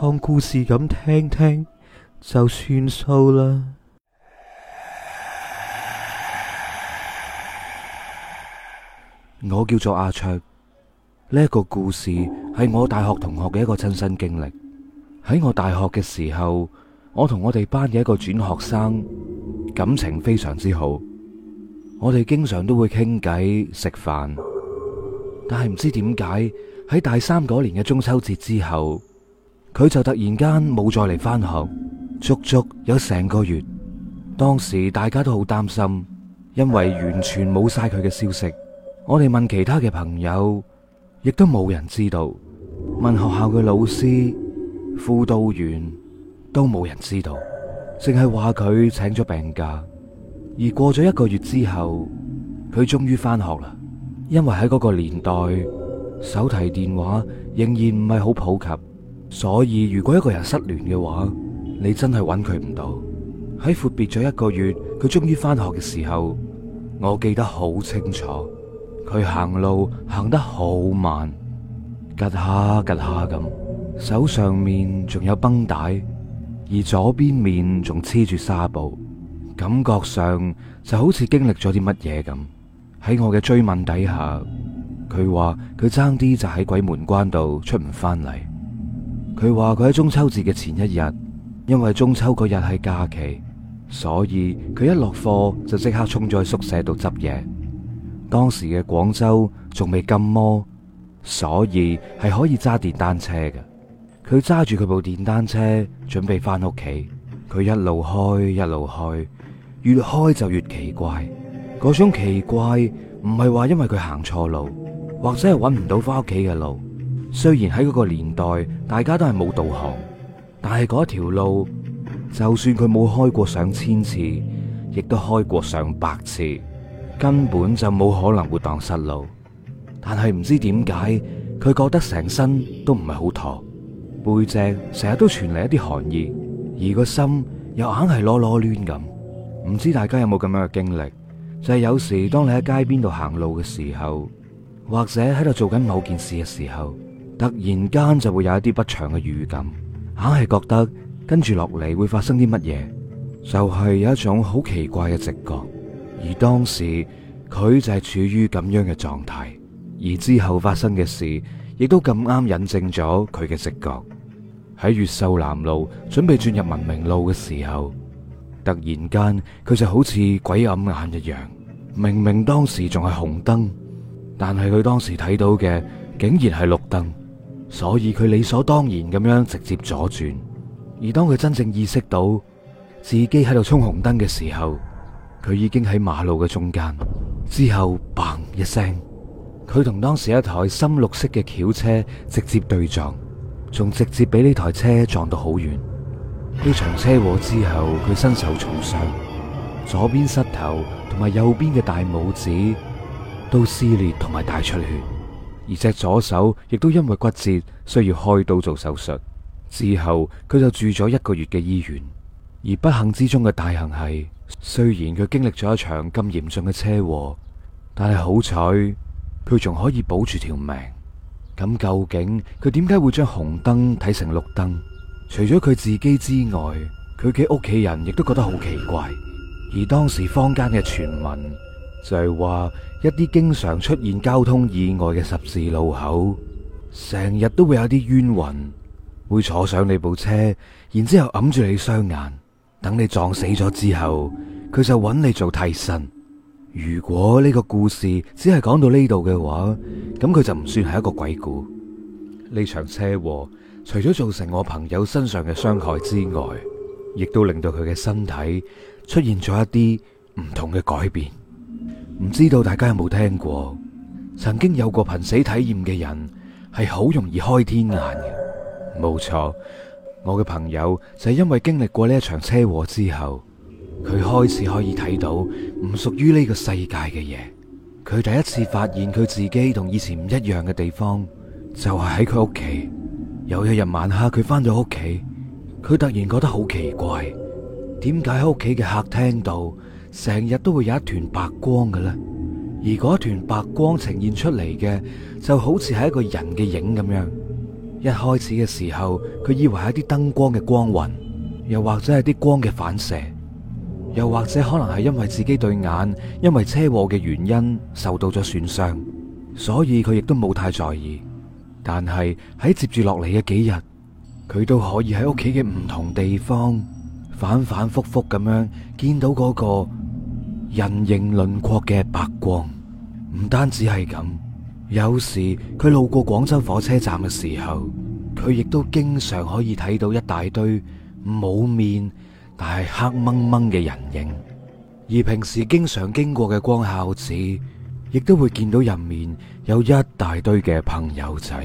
當故事咁聽聽，就算數啦。我叫做阿卓，呢一個故事係我大學同學嘅一個親身經歷。喺我大學嘅時候，我同我哋班嘅一個轉學生感情非常之好，我哋經常都會傾偈食飯。但係唔知點解喺大三嗰年嘅中秋節之後，佢就突然間冇再嚟翻學，足足有成個月。當時大家都好擔心，因為完全冇晒佢嘅消息。我哋問其他嘅朋友，亦都冇人知道。問學校嘅老師、輔導員，都冇人知道，淨係話佢請咗病假。而過咗一個月之後，佢終於翻學啦。因為喺嗰個年代，手提電話仍然唔係好普及。所以如果一個人失聯嘅話，你真係揾佢唔到。喺闊別咗一個月，佢終於翻學嘅時候，我記得好清楚，佢行路行得好慢，吉下吉下咁，手上面仲有繃帶，而左邊面仲黐住紗布，感覺上就好似經歷咗啲乜嘢咁。喺我嘅追問底下，佢話佢爭啲就喺鬼門關度出唔翻嚟。佢話佢喺中秋節嘅前一日，因為中秋嗰日係假期，所以佢一落課就即刻衝咗去宿舍度執嘢。當時嘅廣州仲未禁摩，所以係可以揸電單車嘅。佢揸住佢部電單車準備翻屋企，佢一路開一路開，越開就越奇怪。嗰種奇怪唔係話因為佢行錯路，或者係揾唔到翻屋企嘅路。雖然喺嗰個年代，大家都係冇導航，但係嗰條路就算佢冇開過上千次，亦都開過上百次，根本就冇可能會蕩失路。但係唔知點解，佢覺得成身都唔係好妥，背脊成日都傳嚟一啲寒意，而個心又硬係囉囉攣咁。唔知大家有冇咁樣嘅經歷？就係有時當你喺街邊度行路嘅時候，或者喺度做緊某件事嘅時候。突然間就會有一啲不祥嘅預感，硬係覺得跟住落嚟會發生啲乜嘢，就係有一種好奇怪嘅直覺。而當時佢就係處於咁樣嘅狀態，而之後發生嘅事亦都咁啱引證咗佢嘅直覺。喺越秀南路準備轉入文明路嘅時候，突然間佢就好似鬼掩眼一樣，明明當時仲係紅燈，但係佢當時睇到嘅竟然係綠燈。所以佢理所當然咁樣直接左轉，而當佢真正意識到自己喺度衝紅燈嘅時候，佢已經喺馬路嘅中間。之後，砰一聲，佢同當時一台深綠色嘅轎車直接對撞，仲直接俾呢台車撞到好遠。呢場車禍之後，佢身受重傷，左邊膝頭同埋右邊嘅大拇指都撕裂同埋大出血。而隻左手亦都因為骨折，需要開刀做手術。之後佢就住咗一個月嘅醫院。而不幸之中嘅大幸係，雖然佢經歷咗一場咁嚴重嘅車禍，但係好彩佢仲可以保住條命。咁究竟佢點解會將紅燈睇成綠燈？除咗佢自己之外，佢嘅屋企人亦都覺得好奇怪。而當時坊間嘅傳聞。就係話一啲經常出現交通意外嘅十字路口，成日都會有啲冤魂，會坐上你部車，然之後揞住你雙眼，等你撞死咗之後，佢就揾你做替身。如果呢個故事只係講到呢度嘅話，咁佢就唔算係一個鬼故。呢場車禍除咗造成我朋友身上嘅傷害之外，亦都令到佢嘅身體出現咗一啲唔同嘅改變。唔知道大家有冇聽過，曾經有過瀕死體驗嘅人係好容易開天眼嘅，冇錯。我嘅朋友就係因為經歷過呢一場車禍之後，佢開始可以睇到唔屬於呢個世界嘅嘢。佢第一次發現佢自己同以前唔一樣嘅地方，就係喺佢屋企。有一日晚黑，佢翻到屋企，佢突然覺得好奇怪，點解喺屋企嘅客廳度？成日都會有一團白光嘅咧，而嗰一團白光呈現出嚟嘅就好似係一個人嘅影咁樣。一開始嘅時候，佢以為係一啲燈光嘅光暈，又或者係啲光嘅反射，又或者可能係因為自己對眼因為車禍嘅原因受到咗損傷，所以佢亦都冇太在意。但係喺接住落嚟嘅幾日，佢都可以喺屋企嘅唔同地方反反复复咁樣見到嗰個。人形輪廓嘅白光，唔單止係咁，有時佢路過廣州火車站嘅時候，佢亦都經常可以睇到一大堆冇面但係黑掹掹嘅人影；而平時經常經過嘅光孝寺，亦都會見到入面有一大堆嘅朋友仔。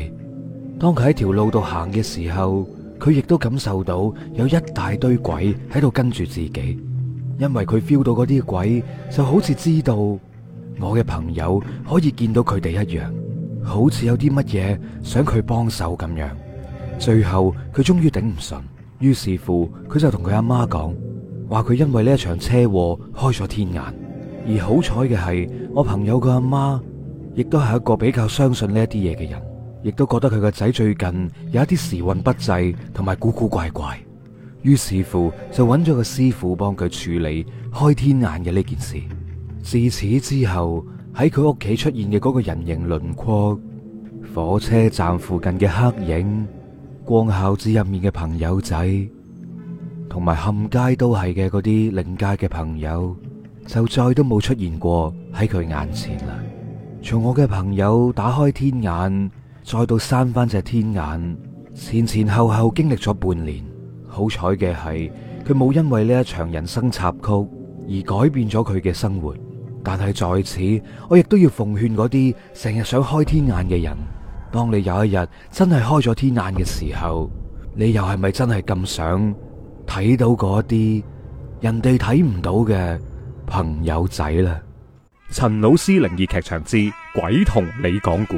當佢喺條路度行嘅時候，佢亦都感受到有一大堆鬼喺度跟住自己。因為佢 feel 到嗰啲鬼就好似知道我嘅朋友可以見到佢哋一樣，好似有啲乜嘢想佢幫手咁樣。最後佢終於頂唔順，於是乎佢就同佢阿媽講，話佢因為呢一場車禍開咗天眼。而好彩嘅係，我朋友個阿媽亦都係一個比較相信呢一啲嘢嘅人，亦都覺得佢個仔最近有一啲時運不濟，同埋古古怪怪。於是乎，就揾咗個師傅幫佢處理開天眼嘅呢件事。自此之後，喺佢屋企出現嘅嗰個人形輪廓、火車站附近嘅黑影、光孝寺入面嘅朋友仔，同埋冚街都係嘅嗰啲靈界嘅朋友，就再都冇出現過喺佢眼前啦。從我嘅朋友打開天眼，再到閂翻隻天眼，前前後後經歷咗半年。好彩嘅係，佢冇因為呢一場人生插曲而改變咗佢嘅生活。但係在此，我亦都要奉勸嗰啲成日想開天眼嘅人，當你有一日真係開咗天眼嘅時候，你又係咪真係咁想睇到嗰啲人哋睇唔到嘅朋友仔呢？陳老師靈異劇場之鬼同你講古。